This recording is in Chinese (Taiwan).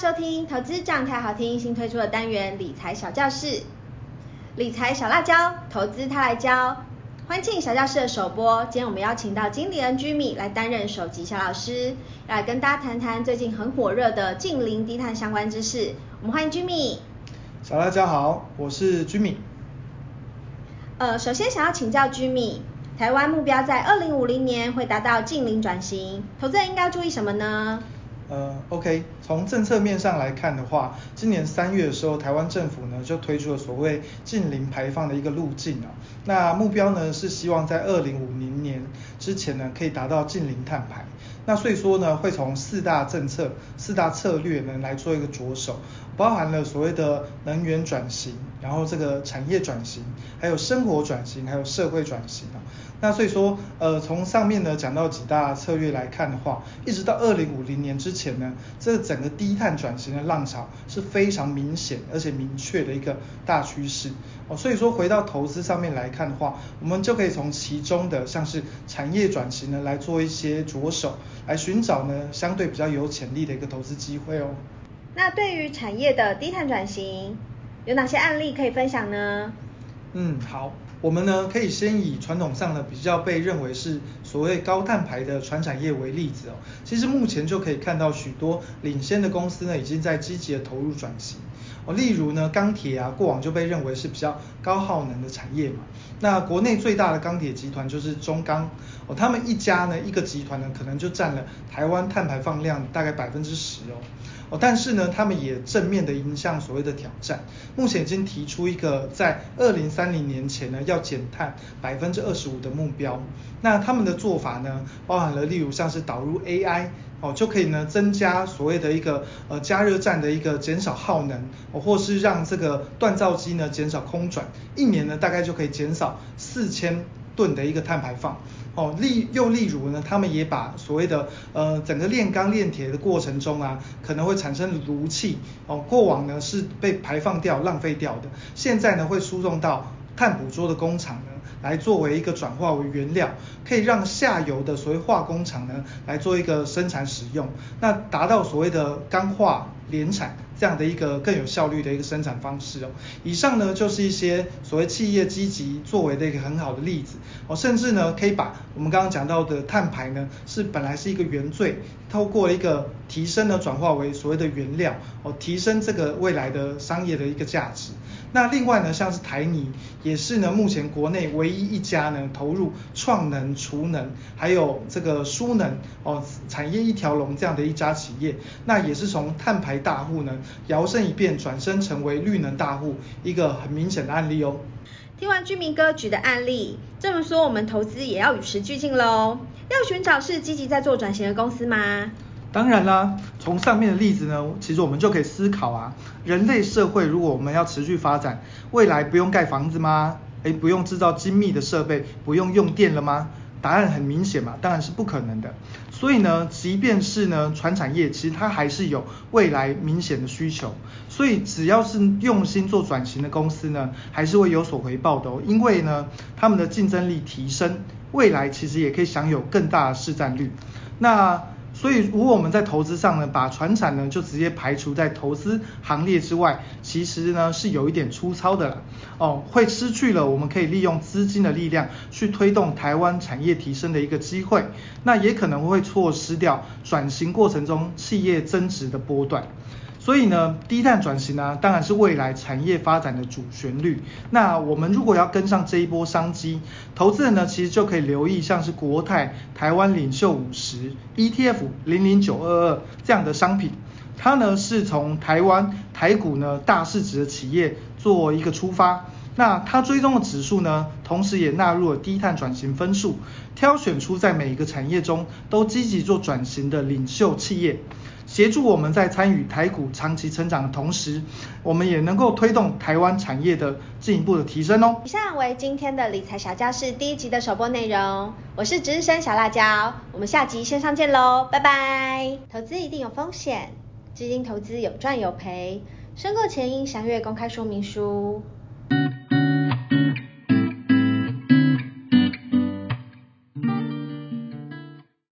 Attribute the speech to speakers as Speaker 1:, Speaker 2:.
Speaker 1: 收聽《投資講台》好聽，新推出的單元《理財小教室》，理財小辣椒，投資他來教，歡慶小教室的首播。今天我們邀請到經理人居 i m m 來擔任首席小老師，要來跟大家談談最近很火熱的近零低碳相關知識。我們歡迎居 i m m
Speaker 2: 小辣椒。好，我是居 i m
Speaker 1: m 呃，首先想要請教居 i m m 台灣目標在2050年會達到近零轉型，投資人應該注意什麼呢？
Speaker 2: 呃，OK，從政策面上來看的話，今年三月的時候，台灣政府呢就推出了所謂淨零排放的一個路徑啊。那目標呢是希望在二零五零年之前呢可以達到淨零碳排。那所以說呢會從四大政策、四大策略呢來做一個着手，包含了所謂的能源轉型，然後這個產業轉型，還有生活轉型，還有社會轉型啊。那所以說呃從上面呢講到幾大策略來看的話，一直到二零五零年之前，而且呢，這整個低碳轉型的浪潮是非常明顯而且明確的一個大趨勢哦。所以說回到投資上面來看的話，我們就可以從其中的像是產業轉型呢來做一些着手，來尋找呢相對比較有潛力的一個投資機會哦。
Speaker 1: 那對於產業的低碳轉型，有哪些案例可以分享呢？
Speaker 2: 嗯，好。我們呢，可以先以傳統上呢比較被認為是所謂高碳排的傳產業為例子哦。其實目前就可以看到許多領先的公司呢，已經在積極的投入轉型哦。例如呢，鋼鐵啊，過往就被認為是比較高耗能的產業嘛。那國內最大的鋼鐵集團就是中鋼哦，他們一家呢，一個集團呢，可能就占了台灣碳排放量大概百分之十哦。但是呢，他們也正面的迎向所謂的挑戰。目前已經提出一個在二零三零年前呢要減碳百分之二十五的目標。那他們的做法呢，包含了例如像是導入 AI。哦，就可以呢增加所謂的一個呃加熱站的一個減少耗能，哦或是讓這個鍛造機呢減少空轉，一年呢大概就可以減少四千噸的一個碳排放，哦例又例如呢他們也把所謂的呃整個煉鋼煉鐵的過程中啊可能會產生爐氣，哦過往呢是被排放掉浪費掉的，現在呢會輸送到碳捕捉的工廠呢。來作為一個轉化為原料，可以讓下游的所謂化工廠呢，來做一個生產使用，那達到所謂的鋼化聯產這樣的一個更有效率的一個生產方式哦。以上呢就是一些所謂企業積極作為的一個很好的例子哦，甚至呢可以把我們剛剛講到的碳排呢，是本來是一個原罪，透過一個提升呢，轉化為所謂的原料哦，提升這個未來的商業的一個價值。那另外呢，像是台泥，也是呢目前國內唯一一家呢投入創能、儲能還有這個輸能哦產業一條龍這樣的一家企業，那也是從碳排大戶呢搖身一變，轉身成為綠能大戶一個很明顯的案例哦。
Speaker 1: 聽完居民哥舉的案例，這麼說我們投資也要與時俱進嘍，要尋找是積極在做轉型的公司嗎？
Speaker 2: 當然啦，從上面的例子呢，其實我們就可以思考啊，人類社會如果我們要持續發展，未來不用蓋房子嗎？哎，不用製造精密的設備，不用用電了嗎？答案很明顯嘛，當然是不可能的。所以呢，即便是呢傳產業，其實它還是有未來明顯的需求。所以只要是用心做轉型的公司呢，還是會有所回報的哦，因為呢他們的競爭力提升，未來其實也可以享有更大的市占率。那所以，如果我們在投資上呢，把傳產呢就直接排除在投資行列之外，其實呢是有一點粗糙的了哦，會失去了我們可以利用資金的力量去推動台灣產業提升的一個機會，那也可能會錯失掉轉型過程中企業增值的波段。所以呢，低碳轉型呢，當然是未來產業發展的主旋律。那我們如果要跟上這一波商機，投資人呢，其實就可以留意像是國泰台灣領袖五十 ETF 零零九二二這樣的商品。它呢，是從台灣台股呢大市值的企業做一個出發。那它追蹤的指數呢，同時也納入了低碳轉型分數，挑選出在每一個產業中都積極做轉型的領袖企業。協助我們在參與台股長期成長的同時，我們也能夠推動台灣產業的進一步的提升哦。
Speaker 1: 以上為今天的理財小教室第一集的首播內容，我是值日生小辣椒，我們下集線上見嘍，拜拜。投資一定有風險，基金投資有賺有賠，申購前應詳閱公開說明書。